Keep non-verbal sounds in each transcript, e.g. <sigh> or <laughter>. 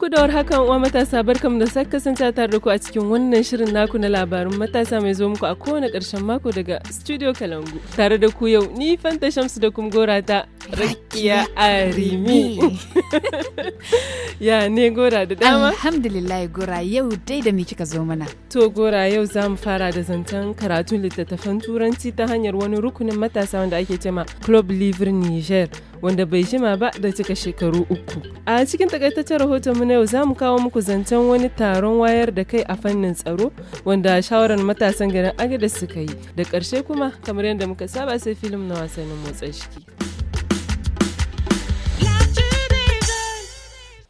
ku da hakan uwa matasa barkan da sake kasance tare da ku a cikin wannan shirin naku na labarin matasa mai zo muku a kowane ƙarshen mako daga Studio Kalangu. Tare da ku yau ni Fanta Shamsu da kuma gora ta Rakiya Arimi. <laughs> ya ne gora da dama? Alhamdulillah gora yau dai da me kika zo mana. To gora yau za mu fara da zantan karatun littattafan turanci ta hanyar wani rukunin matasa wanda ake cema Club Livre Niger. wanda bai jima ba da cika shekaru uku. A cikin takaitaccen rahoton mu na yau za mu kawo muku zancen wani taron wayar da kai a fannin tsaro wanda shawarar matasan garin Agada suka yi. Da ƙarshe kuma kamar yadda muka saba sai filim na wasannin motsa shiki.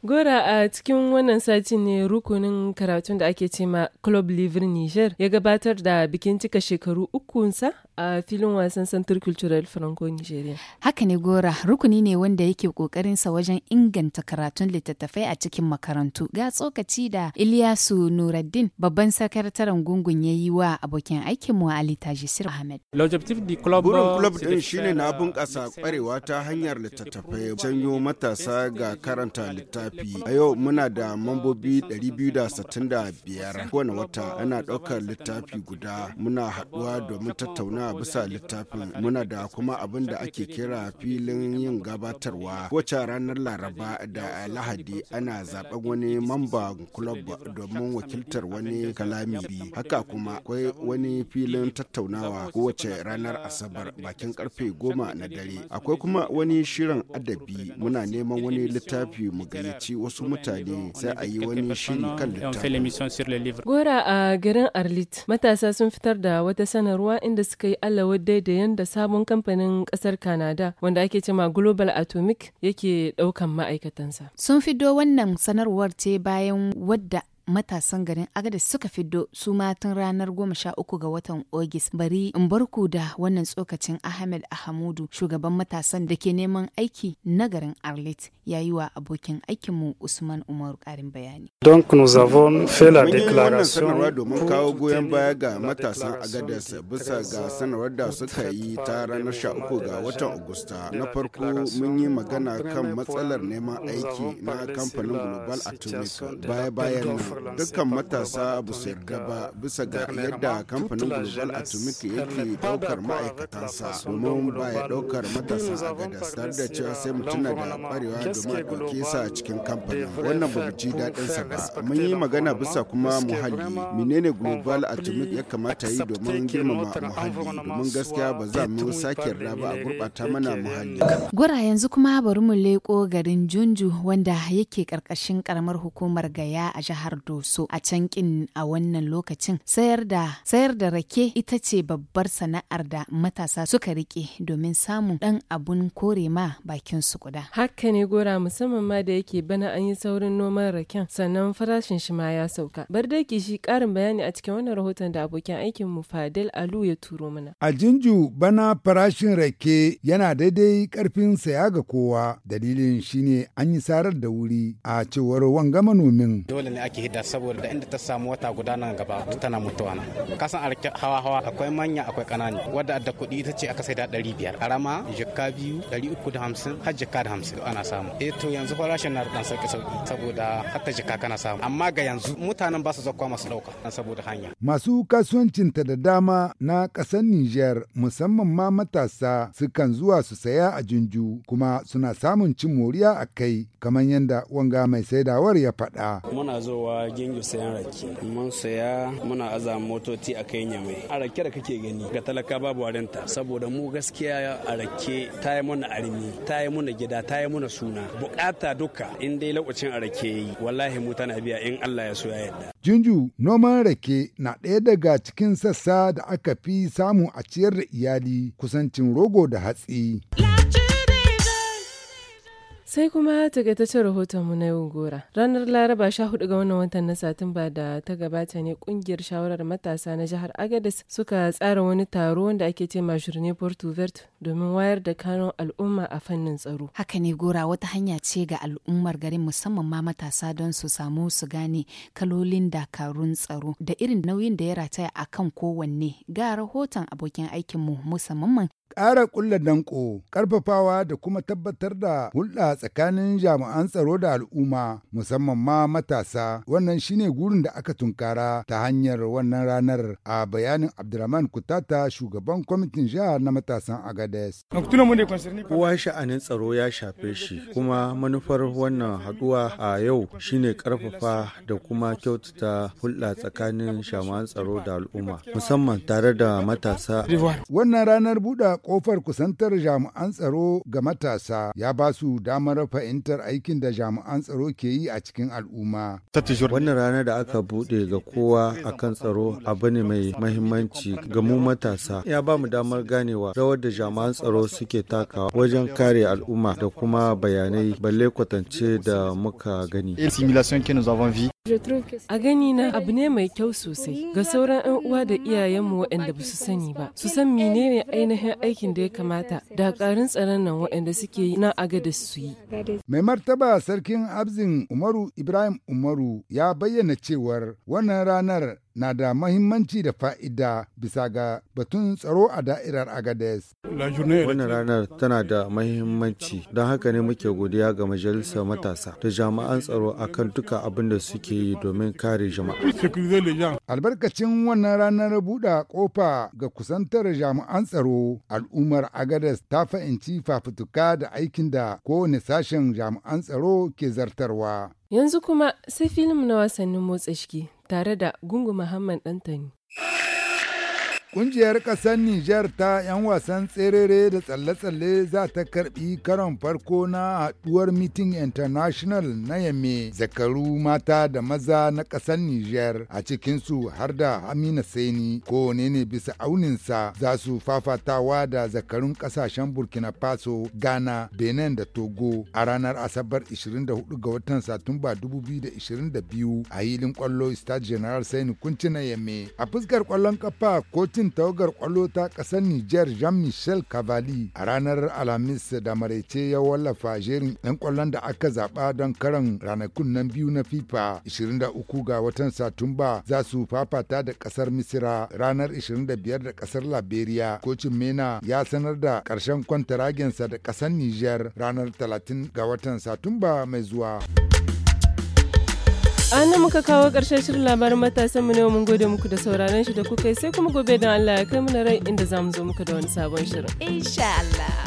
Gora a cikin wannan sati ne rukunin karatun da ake cema Club Livre Niger ya gabatar da bikin cika shekaru ukunsa a filin wasan Centre cultural Franco-Nigeria. Haka ne Gora, rukuni ne wanda yake sa wajen inganta karatun littattafai a cikin makarantu. Ga tsokaci da Ilyasu Nuraddin babban sakataren gungun ya yi wa abokin aikin mu Ali Tajisir Ahmed. Burin club din shine na euh, bunƙasa kwarewa ta hanyar littattafai, janyo matasa ga karanta littattafai. a yau muna da mambobi 265 kowane wata ana ɗaukar littafi guda muna haɗuwa domin tattauna bisa littafin muna da kuma abin da ake kira filin yin gabatarwa kowace ranar laraba da lahadi ana zaben wani mamba club domin wakiltar wani kalami haka kuma akwai wani filin tattaunawa kowace ranar asabar bakin karfe goma na dare akwai kuma wani shirin adabi muna neman wani littafi mu gayyace ci wasu mutane sai a yi wani shiri kan littafin. Gora a garin Arlit, matasa sun fitar da wata sanarwa inda suka yi Allah da yanda sabon kamfanin kasar kanada wanda ake cema Global Atomic yake daukan ma'aikatansa. Sun fido wannan sanarwar ce bayan wadda matasan garin agada suka fiddo su matan ranar goma sha uku ga watan ogis bari in barku da wannan tsokacin ahmed ahamudu shugaban matasan da ke neman aiki na garin arlit ya yi wa abokin aikinmu usman umaru karin bayani don nous avons fait la déclaration sanarwa domin kawo goyon baya ga matasan agadas bisa ga sanarwar da suka yi ta ranar sha uku ga watan agusta na farko mun yi magana kan matsalar neman aiki na kamfanin global atomic baya bayan dukkan matasa abu sai gaba bisa ga yadda kamfanin global atomic yake daukar ma'aikatansa domin ba ya daukar matasa a gada tare da cewa sai mutuna da barewa domin a sa a cikin kamfanin wannan ba mu ji daɗin sa ba mun yi magana bisa kuma muhalli menene global atomic ya kamata yi domin girmama muhalli domin gaskiya ba za mu sake yarda ba a gurɓata mana muhalli. gura yanzu kuma bari mu leƙo garin Junju wanda yake karkashin karamar hukumar Gaya a jihar doso a can kin a wannan lokacin sayar da rake ita ce babbar sana'ar da matasa suka rike domin samun dan abun kore ma bakin su guda haka ne gora musamman ma da yake bana an yi saurin noman raken sannan farashin shi ma ya sauka bar da shi karin bayani a cikin wannan rahoton da abokin aikin mu Fadil Alu ya turo mana a Jinju bana farashin rake yana daidai karfin saya ga kowa dalilin shine an yi sarar da wuri a cewar wanga manomin dole ne ake da saboda da inda ta samu wata guda nan gaba tana mutuwa nan kasan arke hawa hawa akwai manya akwai kanani wadda da kuɗi ita ce aka sai da 500 biyar arama jikka biyu 350 har jikka da hamsin ana samu eh to yanzu farashin na dan sauki sauki saboda hatta jikka kana samu amma ga yanzu mutanen ba su zakwa masu ɗauka dan saboda hanya. masu kasuwancin ta da dama na kasan Nijar musamman ma matasa sukan zuwa su saya a Jinju kuma suna samun cin moriya a kai kamar yadda wanga mai saidawar ya faɗa. muna zuwa zuwa gengu sayan rake mun saya muna aza motoci a kai mai a rake da kake gani ga talaka babu warinta saboda mu gaskiya a rake ta yi mana armi ta yi mana gida ta yi mana suna bukata duka in dai lokacin a rake yi wallahi mu tana biya in Allah ya so ya yarda Jinju noman rake na ɗaya daga cikin sassa da aka fi samu a ciyar da iyali kusancin rogo da hatsi. Sai kuma takaitaccen mu na yau gora. Ranar Laraba 14 ga wannan watan na Satumba da ta gabata ne kungiyar shawarar matasa na jihar Agadez suka tsara wani taro wanda ake ce Majurne Porto verde domin wayar da kanon al'umma a fannin tsaro. Haka ne gora wata hanya ce ga al'ummar garin musamman ma matasa don su samu su gane kalolin dakarun tsaro da irin nauyin da ya rataya akan kowanne. Ga rahoton abokin aikinmu musamman ƙara ƙulla danko ƙarfafawa da kuma tabbatar da hulɗa tsakanin jami'an tsaro da al'umma musamman ma matasa wannan shine gurin da aka tunkara ta hanyar wannan ranar a bayanin abdulrahman kutata shugaban kwamitin jihar na matasan agades kowa sha'anin tsaro ya shafe shi kuma manufar wannan haɗuwa a yau shine ƙarfafa da kuma kyautata hulɗa tsakanin jami'an tsaro da al'umma musamman tare da matasa wannan ranar buɗe kofar kusantar jami'an tsaro ga matasa ya ba su damar fahimtar aikin da jami'an tsaro ke yi a cikin al'umma. Wannan rana da aka buɗe ga kowa a kan tsaro abu ne mai mahimmanci ga mu matasa ya ba mu damar ganewa rawar da jami'an tsaro suke takawa wajen kare al'umma da kuma bayanai balle kwatance da muka gani. A gani na abu ne mai kyau sosai ga sauran 'yan uwa da iyayenmu waɗanda ba su sani ba. Su san menene ainihin aikin da ya kamata da ƙarin tsaron nan waɗanda suke yi na aga da su yi. Mai martaba sarkin Abzin Umaru Ibrahim Umaru ya bayyana cewar wannan ranar na da mahimmanci da fa'ida bisa ga batun tsaro a da'irar Agades. Wannan ranar tana da mahimmanci don haka ne muke godiya ga majalisar matasa da jami'an tsaro akan duka abinda suke yi domin kare jama'a. Albarkacin wannan ranar buɗe kofa ga kusantar jami'an tsaro al'ummar Agades ta fahimci fafutuka da aikin da kowane sashen jami'an tsaro ke zartarwa. Yanzu kuma sai filim na wasannin motsa jiki tare da Gungu Muhammad ɗantani. Kungiyar ƙasar Nijar ta 'yan wasan tserere da tsalle-tsalle za ta karɓi karon farko na haɗuwar Meeting International na Yamme zakaru mata da maza na ƙasar Nijar a cikinsu har da Amina Saini ko ne bisa auninsa za su fafatawa da zakarun ƙasashen Burkina Faso, Ghana, Benin da Togo a ranar Asabar 24 ga watan Satumba 2022 a hilin ƙwallo Stade General Saini Kunci na Yamme. A fuskar ƙwallon kafa kotun kaftin tawagar kwallo ta ƙasar Nijar Jean-Michel Cavalli a ranar Alhamis da maraice ya wallafa jerin 'yan kwallon da aka zaɓa don karan ranakun nan biyu na FIFA 23 ga watan Satumba za su fafata da ƙasar Misira ranar 25 da ƙasar Liberia. Kocin Mena ya sanar da ƙarshen kwantaragensa da ƙasar Nijar ranar 30 ga watan Satumba mai zuwa. an nan muka kawo ƙarshen shirin labarin matasanmu ne mun gode muku da sauraron shi da kuka sai kuma gobe don Allah ya kai mu na rai inda za mu zo muka da wani sabon shirin. Insha Allah.